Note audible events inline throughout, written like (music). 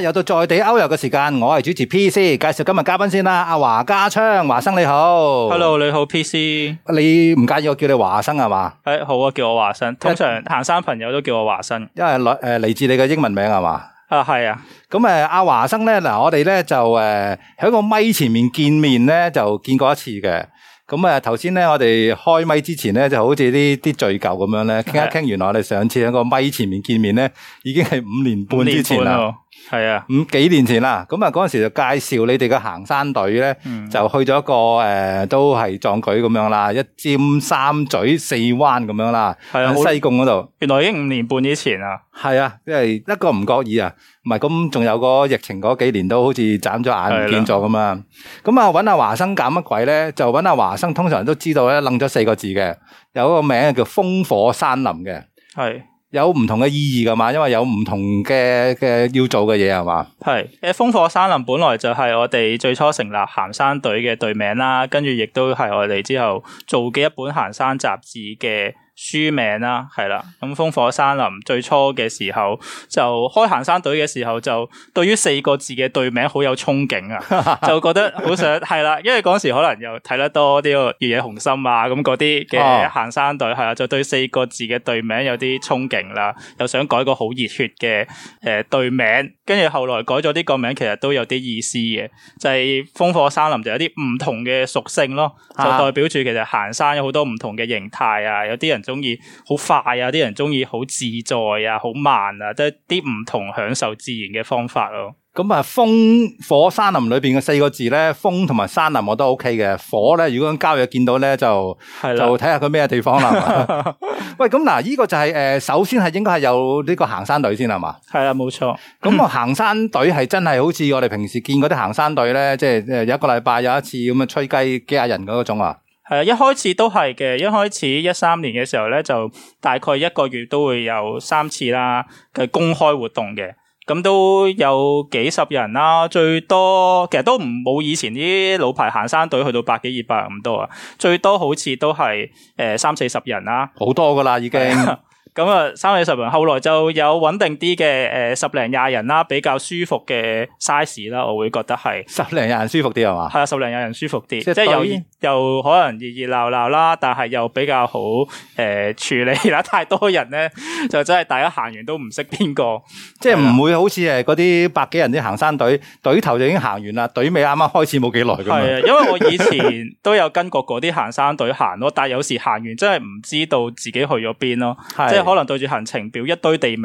又到在地 Out 遊嘅時間，我係主持 P C，介紹今日嘉賓先啦。阿、啊、華嘉昌，華生你好，Hello，你好 P C，你唔介意我叫你華生係嘛？誒、哎，好啊，叫我華生。通常行山朋友都叫我華生，因為來誒嚟自你嘅英文名係嘛、啊啊？啊，係啊。咁誒，阿華生咧，嗱，我哋咧就誒喺、呃、個咪前面見面咧就見過一次嘅。咁啊，頭先咧我哋開咪之前咧就好似呢啲聚舊咁樣咧，傾一傾。是原來我哋上次喺個咪前面見面咧，已經係五年半之前啦。係啊，五幾年前啦，咁啊嗰陣時就介紹你哋嘅行山隊咧，嗯、就去咗一個誒、呃，都係壯舉咁樣啦，一尖三咀四灣咁樣啦，喺、啊、西貢嗰度。原來已經五年半以前啊，係啊，即係一個唔覺意啊，唔係咁，仲有個疫情嗰幾年都好似斬咗眼唔見咗咁的啊。咁啊，揾阿華生搞乜鬼咧？就揾阿華生，通常都知道咧，楞咗四個字嘅，有一個名叫風火山林嘅，係。有唔同嘅意義㗎嘛？因為有唔同嘅嘅要做嘅嘢係嘛？係，誒、啊、風火山林本來就係我哋最初成立行山隊嘅隊名啦，跟住亦都係我哋之後做嘅一本行山雜誌嘅。書名啦、啊，係啦，咁風火山林最初嘅時候就開行山隊嘅時候就對於四個字嘅隊名好有憧憬啊，就覺得好想係啦， (laughs) 因為嗰時可能又睇得多啲個越野雄心啊咁嗰啲嘅行山隊，係啊，就對四個字嘅隊名有啲憧憬啦、啊，又想改個好熱血嘅誒隊名，跟住後來改咗呢個名，其實都有啲意思嘅，就係、是、風火山林就有啲唔同嘅屬性咯，就代表住其實行山有好多唔同嘅形態啊，有啲人。中意好快啊！啲人中意好自在啊，好慢啊，即係啲唔同享受自然嘅方法咯、啊。咁啊，風火山林裏邊嘅四個字咧，風同埋山林我都 OK 嘅。火咧，如果咁郊野見到咧，就的就睇下佢咩地方啦。 (laughs) (laughs) 喂，咁嗱、啊，呢、這個就係、是、誒、呃，首先係應該係有呢個行山隊先係嘛？係啊，冇錯。咁啊，行山隊係真係好似我哋平時見嗰啲行山隊咧，即、就、係、是、一個禮拜有一次咁樣吹雞幾啊人嗰個種啊。係啊、uh,，一開始都係嘅，一開始一三年嘅時候咧，就大概一個月都會有三次啦嘅公開活動嘅，咁都有幾十人啦，最多其實都唔冇以前啲老牌行山隊去到百幾二百咁多啊，最多好似都係誒、呃、三四十人啦，好多噶啦已經。 (laughs) 咁啊，三五十人，後來就有穩定啲嘅，誒、呃、十零廿人啦，比較舒服嘅 size 啦，我會覺得係十零廿人舒服啲係嘛？係啊，十零廿人舒服啲，即係又又可能熱熱鬧鬧啦，但係又比較好誒、呃、處理啦。太多人咧，就真係大家行完都唔識邊個，即係唔會好似誒嗰啲百幾人啲行山隊，隊頭就已經行完啦，隊尾啱啱開始冇幾耐㗎嘛。係啊，因為我以前都有跟過嗰啲行山隊行咯，但係有時行完真係唔知道自己去咗邊咯，即係。可能對住行程表一堆地名，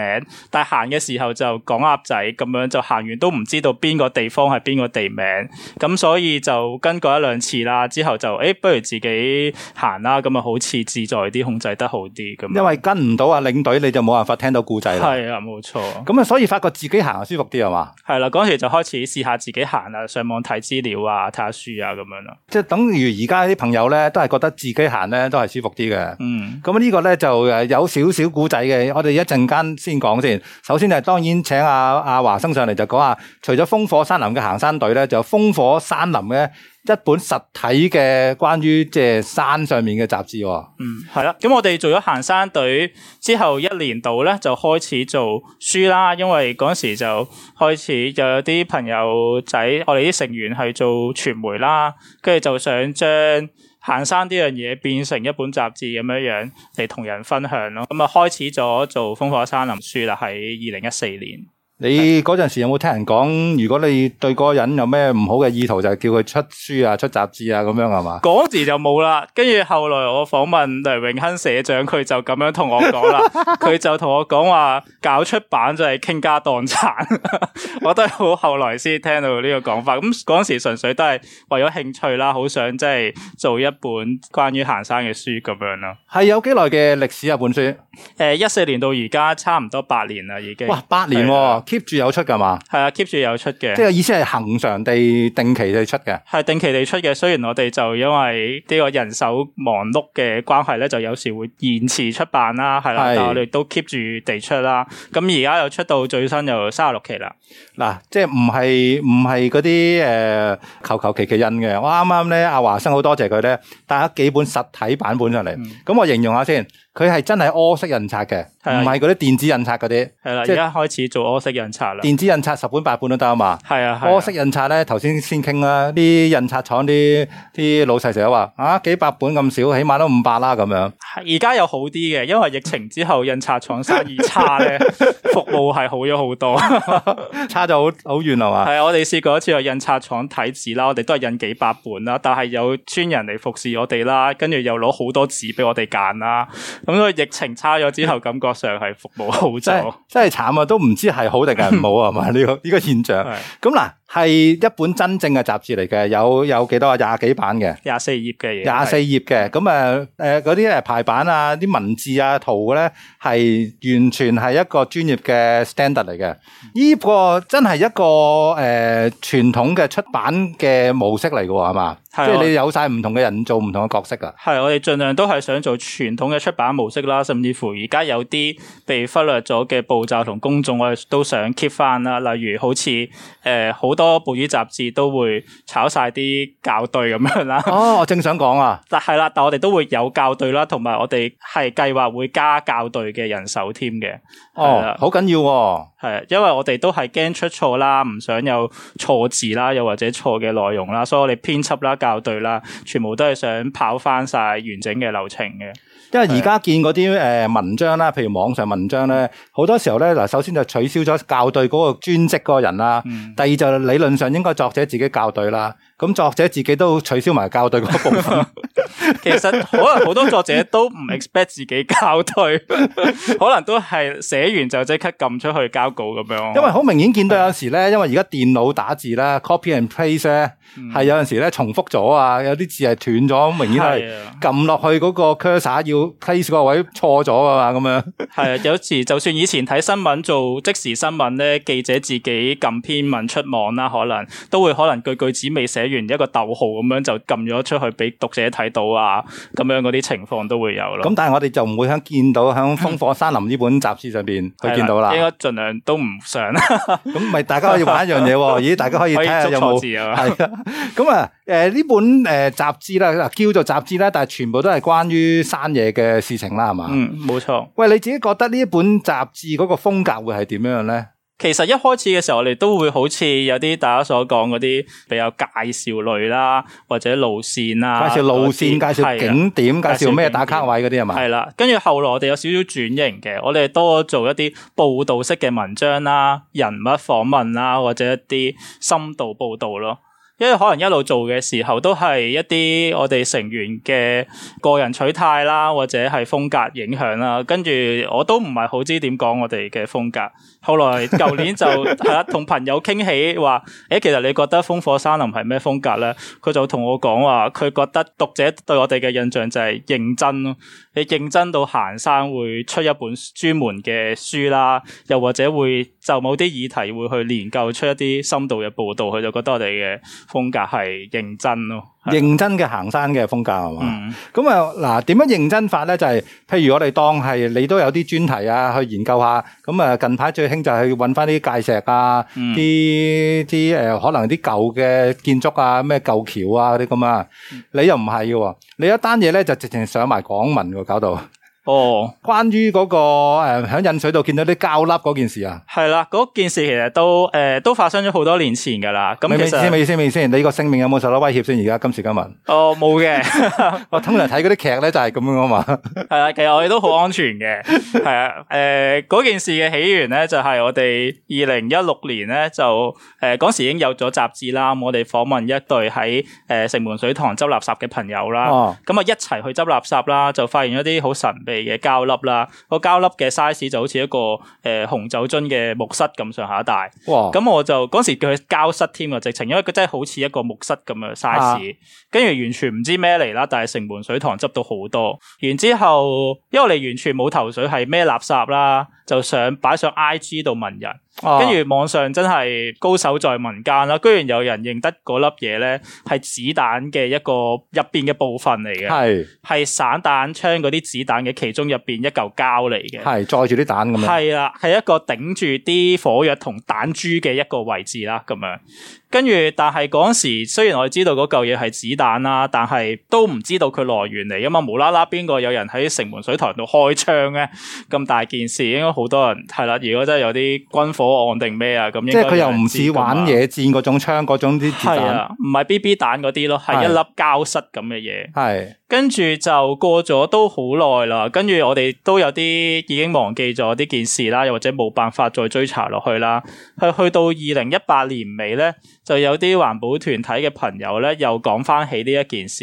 但係行嘅時候就講鴨仔咁樣，就行完都唔知道邊個地方係邊個地名，咁所以就跟過一兩次啦，之後就誒、欸、不如自己行啦、啊，咁啊好似自在啲，控制得好啲咁。因為跟唔到啊領隊，你就冇辦法聽到故仔。係啊，冇錯。咁啊，所以發覺自己行啊舒服啲係嘛？係啦，嗰、啊、時就開始試下自己行啦，上網睇資料啊，睇下書啊咁樣咯。即係等於而家啲朋友咧，都係覺得自己行咧都係舒服啲嘅。嗯。咁呢個咧就誒有少少。故仔嘅，我哋一陣間先講先。首先就當然請阿、啊、阿、啊、華生上嚟就講下，除咗《風火山林》嘅行山隊咧，就《風火山林》咧一本實體嘅關於即係山上面嘅雜誌、哦。嗯，係啦。咁我哋做咗行山隊之後一年度咧，就開始做書啦。因為嗰時就開始就有啲朋友仔，我哋啲成員係做傳媒啦，跟住就想將。行山呢樣嘢變成一本雜誌咁樣樣嚟同人分享咯，咁啊開始咗做《風火山林書》啦，喺二零一四年。你嗰陣時有冇聽人講？如果你對嗰個人有咩唔好嘅意圖，就係叫佢出書啊、出雜誌啊咁樣係嘛？嗰時就冇啦，跟住後來我訪問梁永亨社長，佢 (laughs) 就咁樣同我講啦。佢就同我講話搞出版就係傾家蕩產， (laughs) 我都係好後來先聽到呢個講法。咁嗰時純粹都係為咗興趣啦，好想即係做一本關於行山嘅書咁樣咯。係有幾耐嘅歷史啊？本書誒、呃，一四年到而家差唔多八年啦，已經。哇，八年喎、啊！keep 住有出噶嘛？係啊，keep 住有出嘅。即係意思係恆常地定期地出嘅。係定期地出嘅，雖然我哋就因為呢個人手忙碌嘅關係咧，就有時會延遲出版啦，係啦、啊。是但係我哋都 keep 住地出啦。咁而家又出到最新又三十六期啦。嗱、啊，即係唔係唔係嗰啲誒，求求其其印嘅。我啱啱咧，阿華生好多謝佢咧，帶咗幾本實體版本上嚟。咁、嗯、我形容下先，佢係真係柯式印刷嘅。唔係嗰啲電子印刷嗰啲，係啦的，而家開始做柯式印刷啦。電子印刷十本八本都得啊嘛。係啊的，柯式印刷咧，頭先先傾啦，啲印刷廠啲啲老細成日話，啊幾百本咁少，起碼都五百啦咁樣。而家有好啲嘅，因為疫情之後印刷廠生意差咧， (laughs) 服務係好咗好多， (laughs) 差咗好好遠啊嘛。係， (laughs) 我哋試過一次去印刷廠睇紙啦，我哋都係印幾百本啦，但係有專人嚟服侍我哋啦，跟住又攞好多紙俾我哋揀啦。咁個疫情差咗之後，感覺。 (laughs) 上係服務好咗，真係慘啊！都唔知係好定係唔好啊？嘛呢、 (laughs) 呢個呢、呢個現象，咁嗱。係一本真正嘅雜誌嚟嘅，有有幾多啊？廿幾版嘅，廿四頁嘅，廿四頁嘅。咁誒誒，嗰啲誒排版啊、啲文字啊、圖咧、啊，係完全係一個專業嘅 standard 嚟嘅。呢個真係一個誒、呃、傳統嘅出版嘅模式嚟嘅喎，係嘛？啊、即係你有晒唔同嘅人做唔同嘅角色㗎。係、啊，我哋盡量都係想做傳統嘅出版模式啦，甚至乎而家有啲被忽略咗嘅步驟同公眾，我哋都想 keep 翻啦。例如好似誒好。呃呃呃呃呃呃呃呃多報紙雜誌都會炒晒啲校對咁樣啦。 (laughs) 哦，我正想講啊，但係啦，但我哋都會有校對啦，同埋我哋係計劃會加校對嘅人手添嘅。哦，好緊要啊，係，因為我哋都係驚出錯啦，唔想有錯字啦，又或者錯嘅內容啦，所以我哋編輯啦、校對啦，全部都係想跑翻晒完整嘅流程嘅。因為而家見嗰啲誒文章啦，譬如網上文章咧，好多時候咧嗱，首先就取消咗校對嗰個專職嗰個人啦，嗯、第二就理論上應該作者自己校對啦，咁作者自己都取消埋校對嗰部分。 (laughs) (laughs) 其實可能好多作者都唔 expect 自己校對， (laughs) 可能都係寫完就即刻撳出去交稿咁樣。因為好明顯見到有陣時咧，的因為而家電腦打字啦 copy and paste 咧、嗯，係有陣時咧重複咗啊，有啲字係斷咗，明顯係撳落去嗰個 cursor 要 place 嗰位錯咗啊嘛，咁樣係啊。有時就算以前睇新聞做即時新聞咧，記者自己撳篇文出網啦，可能都會可能句句子未寫完一個逗號咁樣就撳咗出去俾讀者睇到。到啊，咁樣嗰啲情況都會有咯。咁但係我哋就唔會喺見到喺風火山林呢本雜誌上邊去見到啦。應該盡量都唔上啦。咁咪大家可以玩一樣嘢喎、啊？ (laughs) 咦，大家可以睇下有冇字？係。咁啊是的，誒呢本誒雜誌咧，嗱叫做雜誌咧，但係全部都係關於山野嘅事情啦，係嘛？嗯，冇錯。喂、嗯，你自己覺得呢一本雜誌嗰個風格會係點樣咧？其實一開始嘅時候，我哋都會好似有啲大家所講嗰啲比較介紹類啦，或者路線啦、啊，介紹路線、介紹景點、介紹咩打卡位嗰啲係嘛？係啦，跟住後來我哋有少少轉型嘅，我哋多做一啲報道式嘅文章啦、人物訪問啦，或者一啲深度報道咯。因為可能一路做嘅時候都係一啲我哋成員嘅個人取態啦，或者係風格影響啦。跟住我都唔係好知點講我哋嘅風格。後來舊年就係啦，同 (laughs) 朋友傾起話，誒，其實你覺得《風火山林》係咩風格咧？佢就同我講話，佢覺得讀者對我哋嘅印象就係認真咯。你認真到行山會出一本專門嘅書啦，又或者會。就冇啲議題會去研究出一啲深度嘅報導，佢就覺得我哋嘅風格係認真咯，認真嘅行山嘅風格係嘛？咁、嗯、啊嗱，點樣認真法咧？就係、是、譬如我哋當係你都有啲專題啊，去研究下。咁啊近排最興就係搵返啲界石啊，啲啲誒可能啲舊嘅建築啊，咩舊橋啊嗰啲咁啊。你又唔係喎？你一單嘢咧就直情上埋港聞喎，搞到～哦，關於嗰、那個誒喺引水度見到啲膠粒嗰件事啊，係啦，嗰件事其實都誒、呃、都發生咗好多年前噶啦。明唔明先？明唔明先？明唔明先？你個性命有冇受到威脅先？而家今時今日，哦冇嘅， (laughs) (laughs) 我通常睇嗰啲劇咧就係咁樣啊嘛。係啊， (laughs) 其實我哋都好安全嘅。係啊， (laughs) 誒、呃、嗰件事嘅起源咧就係我哋二零一六年咧就誒嗰、呃、時已經有咗雜誌啦，我哋訪問一對喺誒城門水塘執垃圾嘅朋友啦，咁啊、嗯、一齊去執垃圾啦，就發現咗啲好神秘嘅膠粒啦，個膠粒嘅 size 就好似一個誒、呃、紅酒樽嘅木塞咁上下大，咁哇我就嗰時叫佢膠塞添啊，直情因為佢真係好似一個木塞咁嘅 size，跟住完全唔知咩嚟啦，但係城門水塘執到好多，然之後因為你完全冇頭水係咩垃圾啦。就想擺上 IG 度問人，跟住、啊、網上真係高手在民間啦！居然有人認得嗰粒嘢咧，係子彈嘅一個入邊嘅部分嚟嘅，係係是散彈槍嗰啲子彈嘅其中入邊一嚿膠嚟嘅，係載住啲彈咁樣，係啦，係一個頂住啲火藥同彈珠嘅一個位置啦，咁樣。跟住，但係嗰時雖然我哋知道嗰嚿嘢係子彈啦，但係都唔知道佢來源嚟啊嘛！無啦啦，邊個有人喺城門水塘度開槍咧？咁大件事，應該好多人係啦。如果真係有啲軍火案定咩啊？咁即係佢又唔似玩野戰嗰種槍嗰種啲子彈，唔係 BB 彈嗰啲咯，係一粒膠塞咁嘅嘢。係跟住就過咗都好耐啦。跟住我哋都有啲已經忘記咗呢件事啦，又或者冇辦法再追查落去啦。係去到二零一八年尾咧。 (laughs) 就有啲環保團體嘅朋友咧，又講返起呢一件事，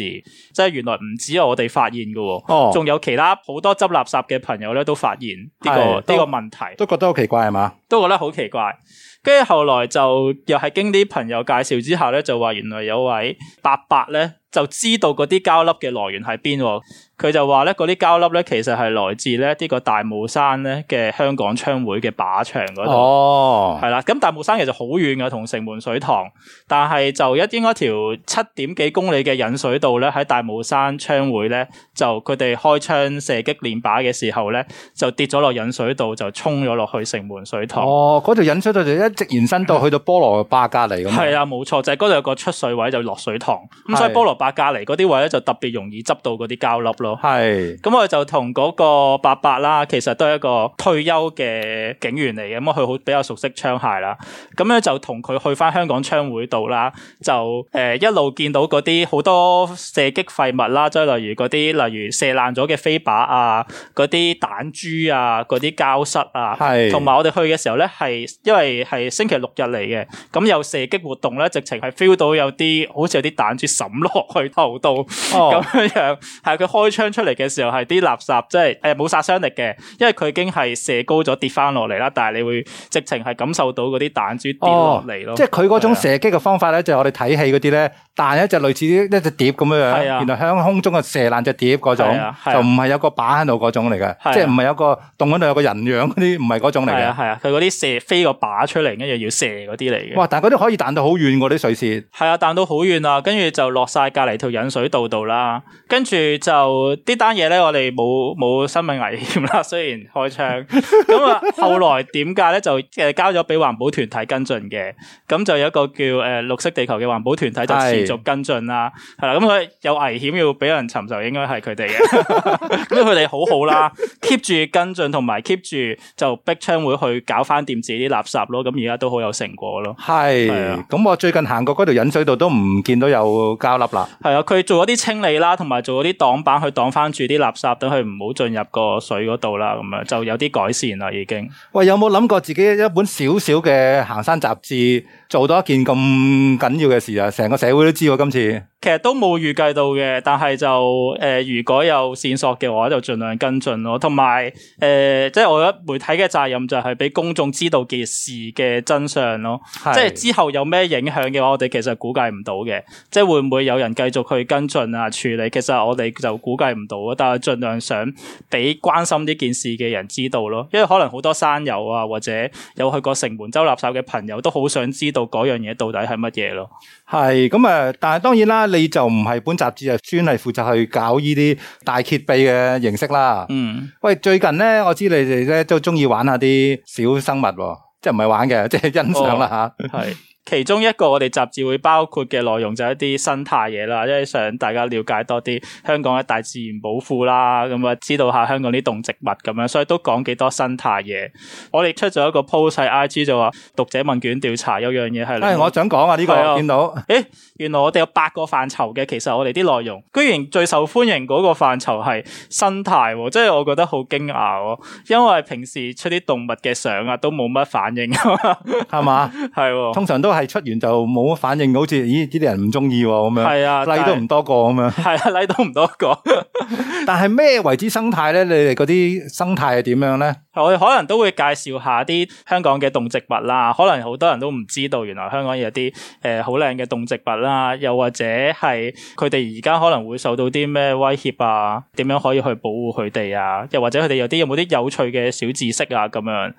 即係原來唔止我哋發現嘅喎，哦，仲、哦、有其他好多執垃圾嘅朋友咧，都發現呢、呢個呢的個問題，都覺得好奇怪係嘛，都覺得好奇，奇怪，跟住後，後來就又係經啲朋友介紹之下咧，就話原來有位伯伯咧。就知道嗰啲膠粒嘅來源喺邊，佢就話咧嗰啲膠粒咧，其實係來自咧呢個大帽山咧嘅香港槍會嘅靶場嗰度，係啦、哦。咁大帽山其實好遠噶，同城門水塘，但係就一應該條七點幾公里嘅引水道咧，喺大帽山槍會咧，就佢哋開槍射擊練靶嘅時候咧，就跌咗落引水道，就沖咗落去城門水塘。哦，嗰條引水道就一直延伸到、嗯、去到菠蘿壩隔籬咁。係啊，冇錯，就係嗰度有個出水位就落水塘，咁所以菠蘿。的八隔離嗰啲位咧就特別容易執到嗰啲膠粒咯。係是，咁、嗯、我就同嗰個八八啦，其實都係一個退休嘅警員嚟嘅，咁佢好比較熟悉槍械啦。咁、嗯、咧就同佢去翻香港槍會度啦，就誒、呃、一路見到嗰啲好多射擊廢物啦，即係例如嗰啲例如射爛咗嘅飛靶啊，嗰啲彈珠啊，嗰啲膠塞啊，係是。同埋我哋去嘅時候咧，係因為係星期六日嚟嘅，咁、嗯、有射擊活動咧，直情係 feel 到有啲好似有啲彈珠沈落。去偷刀咁樣樣，係佢開槍出嚟嘅時候係啲垃圾，即係誒冇殺傷力嘅，因為佢已經係射高咗跌翻落嚟啦。但係你會直情係感受到嗰啲彈珠跌落嚟咯。即係佢嗰種射擊嘅方法咧，啊、就我哋睇戲嗰啲咧彈咧就類似一隻碟咁樣樣，係啊，然後響空中啊射爛隻碟嗰種，就唔係有個靶喺度嗰種嚟嘅，即係唔係有個洞喺度有個人樣嗰啲，唔係嗰種嚟嘅。係啊，係啊，佢嗰啲射飛個靶出嚟，跟住要射嗰啲嚟嘅。哇！但係嗰啲可以彈到好遠嗰啲水線，係啊，彈到好遠啊，跟住就落晒。隔籬條引水道度啦，跟住就呢單嘢咧，我哋冇冇生命危險啦。雖然開槍，咁啊後來點解咧就誒交咗俾環保團體跟進嘅，咁就有一個叫誒、呃、綠色地球嘅環保團體就持續跟進啦。係啦是，咁佢有危險要俾人尋仇，就應該係佢哋嘅。咁佢哋好好啦。 (laughs) keep 住跟進同埋 keep 住就逼商會去搞翻掂自己啲垃圾咯，咁而家都好有成果咯。係，咁我最近行過嗰度引水道都唔見到有膠粒啦。係啊，佢做咗啲清理啦，同埋做咗啲擋板去擋翻住啲垃圾，等佢唔好進入個水嗰度啦。咁、嗯、樣就有啲改善啦，已經。喂，有冇諗過自己一本小小嘅行山雜誌，做到一件咁緊要嘅事啊？成個社會都知喎，今次。其實都冇預計到嘅，但係就誒、呃，如果有線索嘅話，就盡量跟進咯。同埋誒，即係我覺得媒體嘅責任就係俾公眾知道件事嘅真相咯。是的 即係之後有咩影響嘅話，我哋其實估計唔到嘅。即係會唔會有人繼續去跟進啊處理？其實我哋就估計唔到，但係盡量想俾關心呢件事嘅人知道咯。因為可能好多山友啊，或者有去過城門洲垃圾嘅朋友，都好想知道嗰樣嘢到底係乜嘢咯。係咁啊，但係當然啦。你就唔係本雜誌啊，專係負責去搞呢啲大揭秘嘅形式啦。嗯，喂，最近咧，我知你哋咧都中意玩下啲小生物，哦，即係唔係玩嘅，即係欣賞啦吓。係，哦。其中一個我哋雜誌會包括嘅內容就係一啲生態嘢啦，即係想大家了解多啲香港嘅大自然保護啦，咁、嗯、啊知道下香港啲動植物咁樣，所以都講幾多生態嘢。我哋出咗一個 post 曬 IG 就話，讀者問卷調查有樣嘢係，我想講啊呢、呢個，啊、見到，誒，原來我哋有八個範疇嘅，其實我哋啲內容居然最受歡迎嗰個範疇係生態、哦，即、就、係、是、我覺得好驚訝哦，因為平時出啲動物嘅相啊都冇乜反應，係嘛吧？係、 (laughs) 啊，通常都係。係係出完就冇乜反應，好似咦，呢啲人唔鍾意喎咁樣，拉都唔多個咁樣，係啊，拉都唔多個。但係咩為之生態呢？你哋嗰啲生態係點樣呢？我哋可能都會介紹下啲香港嘅動植物啦，可能好多人都唔知道，原來香港有啲誒好靚嘅動植物啦，又或者係佢哋而家可能會受到啲咩威脅啊？點樣可以去保護佢哋啊？又或者佢哋有啲有冇啲有，有趣嘅小知識啊？咁樣，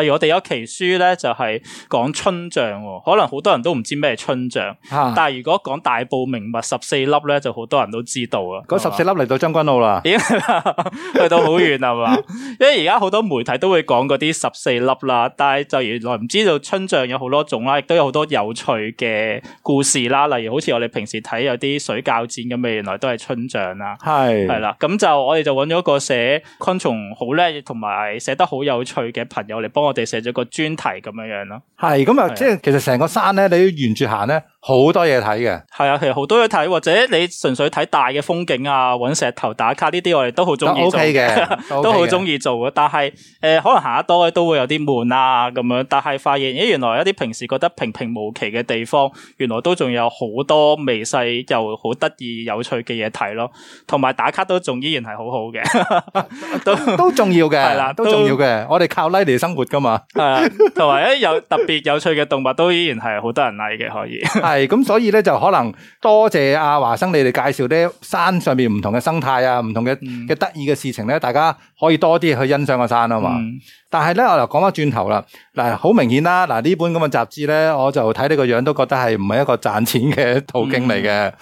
例如我哋有期書咧，就係、是、講春、哦、春象，可能好多人都唔知咩春象，但係如果講大埔名物十四粒咧，就好多人都知道啊。嗰十四粒嚟到將軍澳啦，是吧 (laughs) 已經去到好遠係嘛？ (laughs) 因為而家好多門。睇都會講嗰啲十四粒啦，但係就原來唔知道椿象有好多種啦，亦都有好多有趣嘅故事啦。例如好似我哋平時睇有啲水較剪咁嘅，原來都係椿象啦。係是，係啦。咁就我哋就揾咗個寫昆蟲好叻，同埋寫得好有趣嘅朋友嚟幫我哋寫咗個專題咁樣樣咯。係，咁啊，即係其實成個山咧，你要沿住行咧，好多嘢睇嘅。係啊，其實好多嘢睇，或者你純粹睇大嘅風景啊，揾石頭打卡呢啲，我哋都好中意做嘅，都好中意做嘅。但係誒，可能行得多咧，都會有啲悶啊，咁樣。但係發現咦，原來一啲平時覺得平平無奇嘅地方，原來都仲有好多微細又好得意、有趣嘅嘢睇咯。同埋打卡都仲依然係好好嘅，都都重要嘅。係啦，都重要嘅。我哋靠 like 嚟生活噶嘛，係啊。同埋一有特別有趣嘅動物，都依然係好多人嚟嘅。可以係咁，所以咧就可能多謝阿華生你哋介紹啲山上面唔同嘅生態啊，唔同嘅嘅得意嘅事情咧，大家可以多啲去欣賞個山啊。嗯、但係咧，我就講翻轉頭啦，嗱，好明顯啦，嗱呢本咁嘅雜誌咧，我就睇你個樣都覺得係唔係一個賺錢嘅途徑嚟嘅。嗯、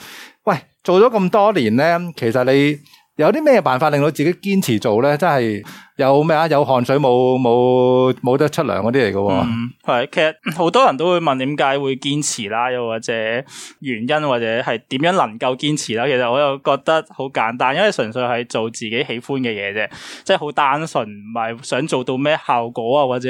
喂，做咗咁多年咧，其實你有啲咩辦法令到自己堅持做咧？真係。有咩啊？有汗水冇冇冇得出糧嗰啲嚟嘅喎。係、嗯，其實好多人都會問點解會堅持啦，又或者原因或者係點樣能夠堅持啦。其實我又覺得好簡單，因為純粹係做自己喜歡嘅嘢啫，即係好單純，唔係想做到咩效果啊，或者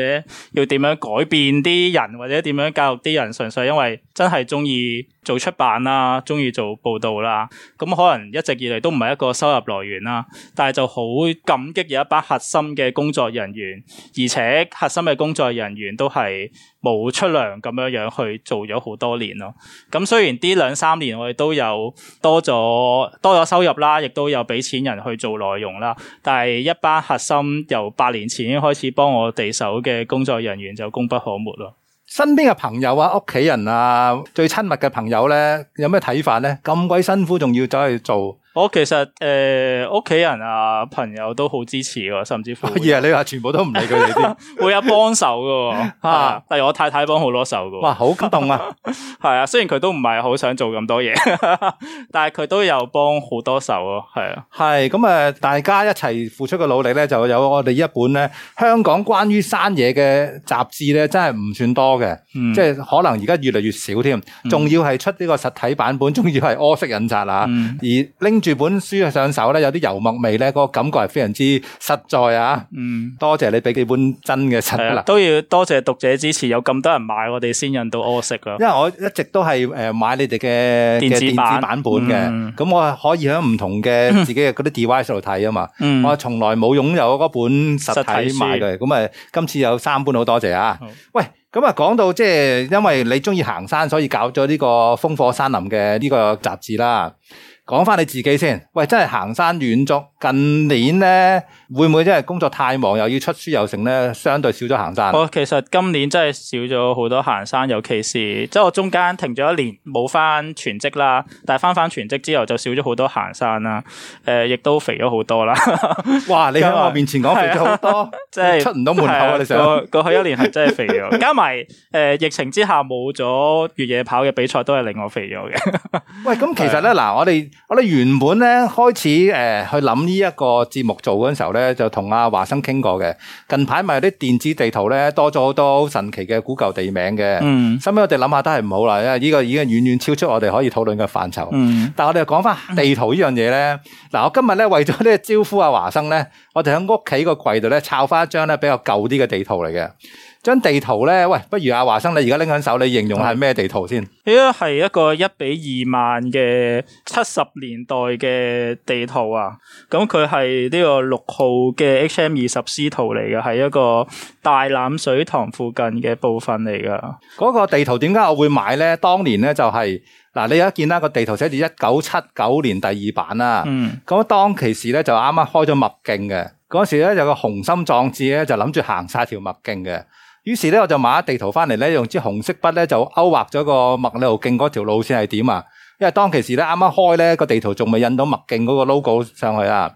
要點樣改變啲人，或者點樣教育啲人，純粹因為真係中意做出版啦，中意做報道啦。咁可能一直以嚟都唔係一個收入來源啦，但係就好感激有一班核心。心嘅工作人員，而且核心嘅工作人員都係冇出糧咁樣樣去做咗好多年咯。咁雖然啲兩三年我哋都有多咗多咗收入啦，亦都有俾錢人去做內容啦，但係一班核心由八年前開始幫我哋手嘅工作人員就功不可沒咯。身邊嘅朋友啊、屋企人啊、最親密嘅朋友咧，有咩睇法咧？咁鬼辛苦，仲要走去做？我、哦、其實誒屋企人啊，朋友都好支持喎，甚至乎。咦？ (laughs) 你話全部都唔理佢哋啲？會有幫手㗎吓， (laughs) 啊、但係我太太幫好多手嘅。哇！好感動啊，係 (laughs) 啊，雖然佢都唔係好想做咁多嘢， (laughs) 但係佢都有幫好多手喎。係啊，係咁誒，大家一齊付出嘅努力咧，就有我哋一本咧。香港關於山野嘅雜誌咧，真係唔算多嘅，嗯、即係可能而家越嚟越少添。仲要係出呢個實體版本，仲要係柯式印刷啊，嗯、而拎。住本書上手咧，有啲油墨味咧，嗰個感覺係非常之實在啊！嗯，多謝你俾幾本真嘅實啦，都要多謝讀者支持，有咁多人買，我哋先印到柯式啊！因為我一直都係誒買你哋嘅電，電子版本嘅，咁、嗯、我可以喺唔同嘅自己嗰啲 device 度睇啊嘛。嗯、我從來冇擁有嗰本實體，買實體書嘅，咁啊，今次有三本好多謝啊！喂，咁啊，講到即係因為你鍾意行山，所以搞咗呢個風火山林嘅呢個雜誌啦。講翻你自己先，喂，真係行山遠足，近年咧。會唔會真係工作太忙，又要出書又成咧？相對少咗行山。我其實今年真係少咗好多行山，尤其是即係、就是、我中間停咗一年冇返全職啦，但係返返全職之後就少咗好多行山啦。誒、呃，亦都肥咗好多啦！ (laughs) 哇！你喺我面前講肥咗好多，即係、啊就是、出唔到門口啊！你成個、啊、過去一年係真係肥咗， (laughs) 加埋誒、呃、疫情之下冇咗越野跑嘅比賽，都係令我肥咗嘅。 (laughs) 喂，咁其實咧嗱，啊、我哋我哋原本咧開始誒、呃、去諗呢一個節目做嗰陣時候咧。就同阿華生傾過嘅，近排咪啲電子地圖咧多咗好多好神奇嘅古舊地名嘅，嗯，所以我哋諗下都係唔好啦，因為呢個已經遠遠超出我哋可以討論嘅範疇。嗯、但係我哋又講翻地圖呢樣嘢咧，嗱、嗯、我今日咧為咗呢招呼阿華生咧，我哋喺屋企個櫃度咧抄翻一張咧比較舊啲嘅地圖嚟嘅。張地圖咧，喂，不如阿、啊、華生，你而家拎緊手，你形容係咩地圖先？呢個係一個一比二萬嘅七十年代嘅地圖啊！咁佢係呢個六號嘅 HM20C 圖嚟嘅，係一個大欖水塘附近嘅部分嚟噶。嗰個地圖點解我會買咧？當年咧就係、是、嗱，你而家見啦個地圖寫住一九七九年第二版啦、啊。嗯。咁當其時咧就啱啱開咗麥徑嘅，嗰時咧有個雄心壯志咧就諗住行晒條麥徑嘅。於是咧，我就買咗地圖翻嚟咧，用支紅色筆咧就勾畫咗個麥理浩徑嗰條路線係點啊！因為當其時咧，啱啱開咧個地圖仲未印到麥徑嗰個 logo 上去啊。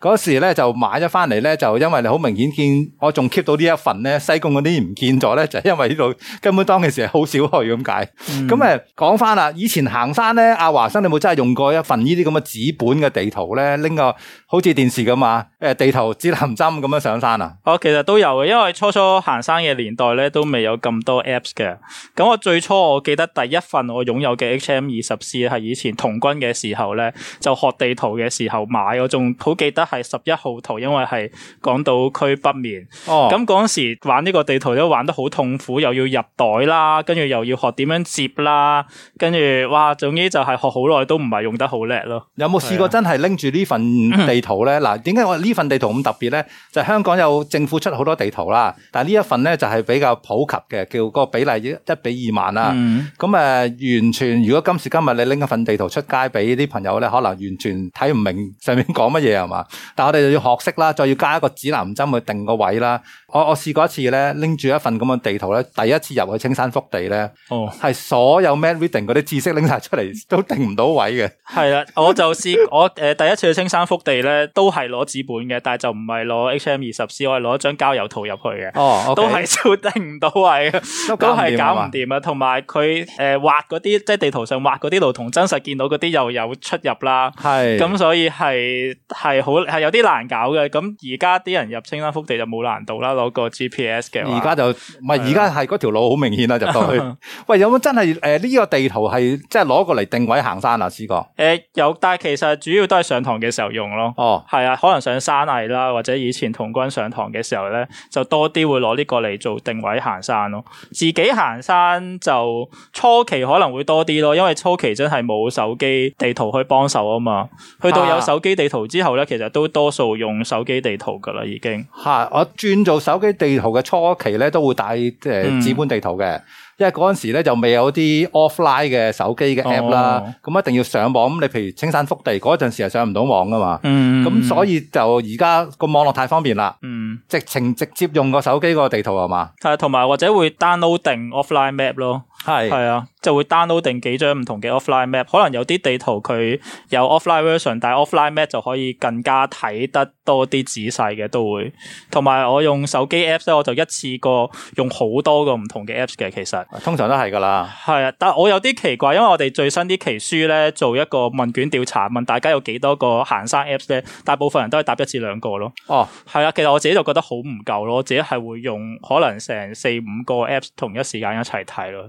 嗰時咧就買咗翻嚟咧，就因為你好明顯見我仲 keep 到呢一份咧，西貢嗰啲唔見咗咧，就係、因為呢度根本當其時係好少去咁解。咁誒講翻啦，以前行山咧，阿、啊、華生你有冇真係用過一份呢啲咁嘅紙本嘅地圖咧？拎個好似電視咁啊，誒地圖指南針咁樣上山啊？哦，其實都有嘅，因為初初行山嘅年代咧都未有咁多 apps 嘅。咁我最初我記得第一份我擁有嘅 H M 二十四係以前童軍嘅時候咧，就學地圖嘅時候買，我仲好記得。係十一號圖，因為係港島區北面。哦，咁嗰時玩呢個地圖都玩得好痛苦，又要入袋啦，跟住又要學點樣接啦，跟住哇，總之就係學好耐都唔係用得好叻咯。有冇試過真係拎住呢份地圖咧？嗱、嗯，點解我呢份地圖咁特別咧？就是、香港有政府出好多地圖啦，但係呢一份咧就係比較普及嘅，叫嗰個比例一比二萬啦。咁誒、嗯呃，完全如果今時今日你拎一份地圖出街俾啲朋友咧，可能完全睇唔明上面講乜嘢係嘛？但我哋就要學識啦，再要加一個指南針去定個位啦。我我試過一次咧，拎住一份咁嘅地圖咧，第一次入去青山腹地咧，哦，係所有 map reading 嗰啲知識拎晒出嚟，都定唔到位嘅。係啦、啊，我就試 (laughs) 我誒、呃、第一次去青山腹地咧，都係攞紙本嘅，但係就唔係攞 H M 二十 C，我係攞一張郊遊圖入去嘅。哦，okay、都係都定唔到位，都係搞唔掂啊！同埋佢誒畫嗰啲即係地圖上畫嗰啲路，同真實見到嗰啲又有出入啦。係咁是，所以係係好。係有啲難搞嘅，咁而家啲人入青山福地就冇難度啦，攞個 GPS 嘅。而家就唔係，而家係嗰條路好明顯啦、啊，入到去。 (laughs) 喂，有冇真係誒呢個地圖係即係攞過嚟定位行山啊，試過？誒，有，但係其實主要都係上堂嘅時候用咯。哦，係啊，可能上山藝啦，或者以前同軍上堂嘅時候咧，就多啲會攞呢個嚟做定位行山咯。自己行山就初期可能會多啲咯，因為初期真係冇手機地圖去幫手啊嘛。去到有手機地圖之後咧，其實都。都多數用手機地圖噶啦，已經吓。我轉做手機地圖嘅初期咧，都會帶誒紙本地圖嘅，呃嗯、因為嗰陣時咧就未有啲 offline 嘅手機嘅 app 啦。咁、哦、一定要上網，咁你譬如青山福地嗰陣時係上唔到網噶嘛。嗯，咁所以就而家個網絡太方便啦。嗯，直情直接用個手機個地圖係嘛？係，同埋或者會 download 定 offline map 咯。係係啊，就會 download 定幾張唔同嘅 offline map，可能有啲地圖佢有 offline version，但係 offline map 就可以更加睇得多啲仔細嘅都會。同埋我用手機 apps 咧，我就一次過用好多個唔同嘅 apps 嘅，其實通常都係噶啦係啊，但係我有啲奇怪，因為我哋最新啲期書咧做一個問卷調查，問大家有幾多個行山 apps 咧，大部分人都係答一至兩個咯。哦，係啊，其實我自己就覺得好唔夠咯，我自己係會用可能成四五個 apps 同一時間一齊睇咯。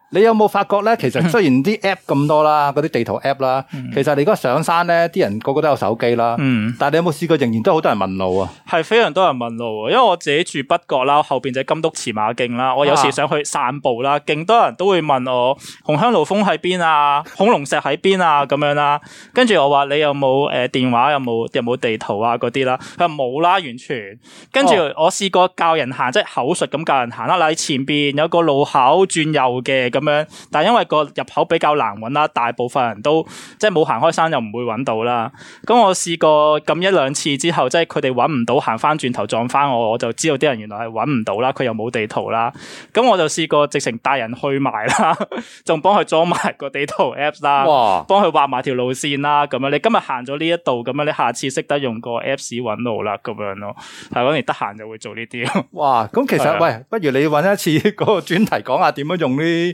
你有冇發覺咧？其實雖然啲 app 咁多啦，嗰啲地圖 app 啦，嗯、其實你而家上山咧，啲人個個都有手機啦。嗯、但係你有冇試過，仍然都好多人問路啊？係非常多人問路啊！因為我自己住北角啦，後邊就係金督馳馬徑啦。我有時想去散步啦，勁、啊、多人都會問我紅香爐峯喺邊啊，恐龍石喺邊啊咁樣啦、啊。跟住我話你有冇誒電話？有冇有冇地圖啊嗰啲啦？佢話冇啦，完全。跟住我試過教人行，哦、即係口述咁教人行啦。例如前邊有個路口轉右嘅咁樣，但係因為個入口比較難揾啦，大部分人都即係冇行開山又唔會揾到啦。咁我試過撳一兩次之後，即係佢哋揾唔到，行翻轉頭撞翻我，我就知道啲人原來係揾唔到啦。佢又冇地圖啦，咁我就試過直情帶人去埋啦，仲幫佢裝埋個地圖 apps 啦，幫佢畫埋條路線啦。咁樣你今日行咗呢一度，咁樣你下次識得用個 apps 揾路啦，咁樣咯。係，我哋得閒就會做呢啲哇，咁其實是的 喂，不如你揾一次個專題，講下點樣用呢？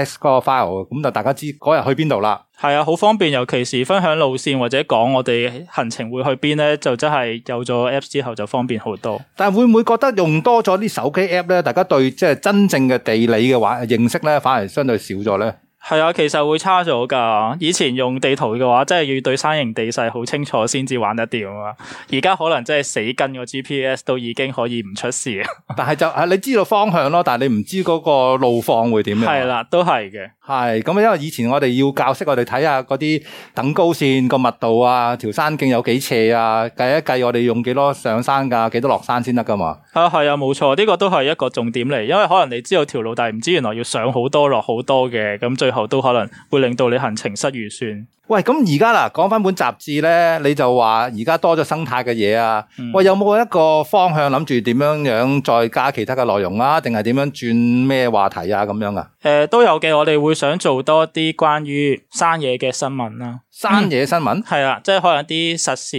嗰個 file，咁就大家知嗰日去邊度啦。係啊，好方便，尤其是分享路線或者講我哋行程會去邊咧，就真係有咗 apps 之後就方便好多。但係會唔會覺得用多咗啲手機 app 咧，大家對即係真正嘅地理嘅話認識咧，反而相對少咗咧？係啊，其實會差咗噶。以前用地圖嘅話，真係要對山形地勢好清楚先至玩得掂啊。而家可能真係死跟個 GPS 都已經可以唔出事啊。 (laughs) 但係就係你知道方向咯，但係你唔知嗰個路況會點樣。係啦，都係嘅。係咁，因為以前我哋要教識我哋睇下嗰啲等高線個密度啊，條山徑有幾斜啊，計一計我哋用幾多上山噶，幾多落山先得噶嘛。係啊，係啊，冇錯，呢個都係一個重點嚟。因為可能你知道條路，但係唔知原來要上好多落好多嘅，咁最。後都可能會令到你行程失預算。喂，咁而家啦，講翻本雜誌咧，你就話而家多咗生態嘅嘢啊？嗯、喂，有冇一個方向諗住點樣樣再加其他嘅內容啊？定係點樣轉咩話題啊？咁樣啊？誒都有嘅。我哋會想做多啲關於山野嘅新聞啊，山野新聞，係啊、嗯，即係可能一啲實時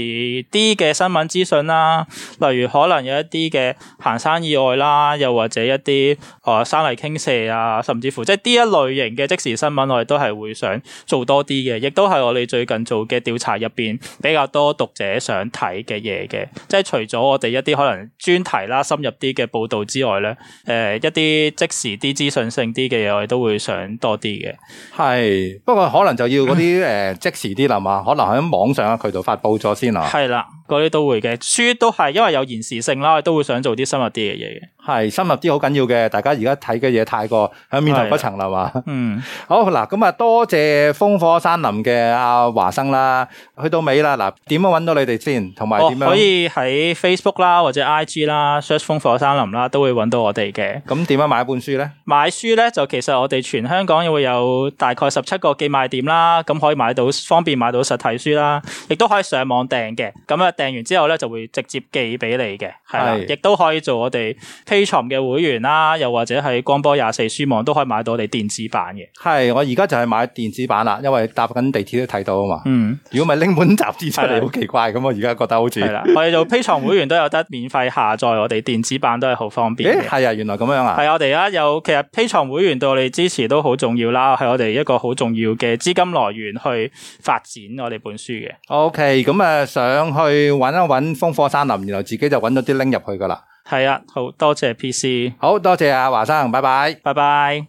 啲嘅新聞資訊啦，例如可能有一啲嘅行山意外啦，又或者一啲誒、呃、山泥傾瀉啊，甚至乎即係呢一類型嘅即時新聞，我哋都係會想做多啲嘅，亦都係。我哋最近做嘅調查入邊比較多讀者想睇嘅嘢嘅，即係除咗我哋一啲可能專題啦、深入啲嘅報道之外咧，誒、呃、一啲即時啲資訊性啲嘅嘢，我哋都會想多啲嘅。係，不過可能就要嗰啲誒即時啲啦嘛，可能喺網上嘅渠道發布咗先啦。係啦。嗰啲都會嘅，書都係因為有延時性啦，我哋都會想做啲深入啲嘅嘢嘅。係深入啲好緊要嘅，大家而家睇嘅嘢太過喺面頭不層啦嘛。嗯，好嗱，咁啊，多謝風火山林嘅阿華生啦，去到尾啦嗱，點樣揾到你哋先？同埋點樣可以喺 Facebook 啦或者 IG 啦 search 風火山林啦，都會揾到我哋嘅。咁點樣買一本書咧？買書咧就其實我哋全香港會有大概十七個寄賣店啦，咁可以買到方便買到實體書啦，亦都可以上網訂嘅。咁啊？訂完之後咧，就會直接寄俾你嘅，係。亦都可以做我哋 Patreon 嘅會員啦，又或者喺光波廿四書網都可以買到我哋電子版嘅。係，我而家就係買電子版啦，因為搭緊地鐵都睇到啊嘛。嗯，如果唔係拎本雜誌出嚟，好奇怪咁。的我而家覺得好似係啦。我哋做 Patreon 會員都有得免費下載 (laughs) 我哋電子版，都係好方便。誒，係啊，原來咁樣啊。係我哋而家有，其實 Patreon 會員對我哋支持都好重要啦，係我哋一個好重要嘅資金來源去發展我哋本書嘅。O.K. 咁啊，想去。要揾一揾風火山林，然後自己就揾到啲拎入去噶啦。係啊，好多謝 P C，好多謝阿華生，拜拜，拜拜。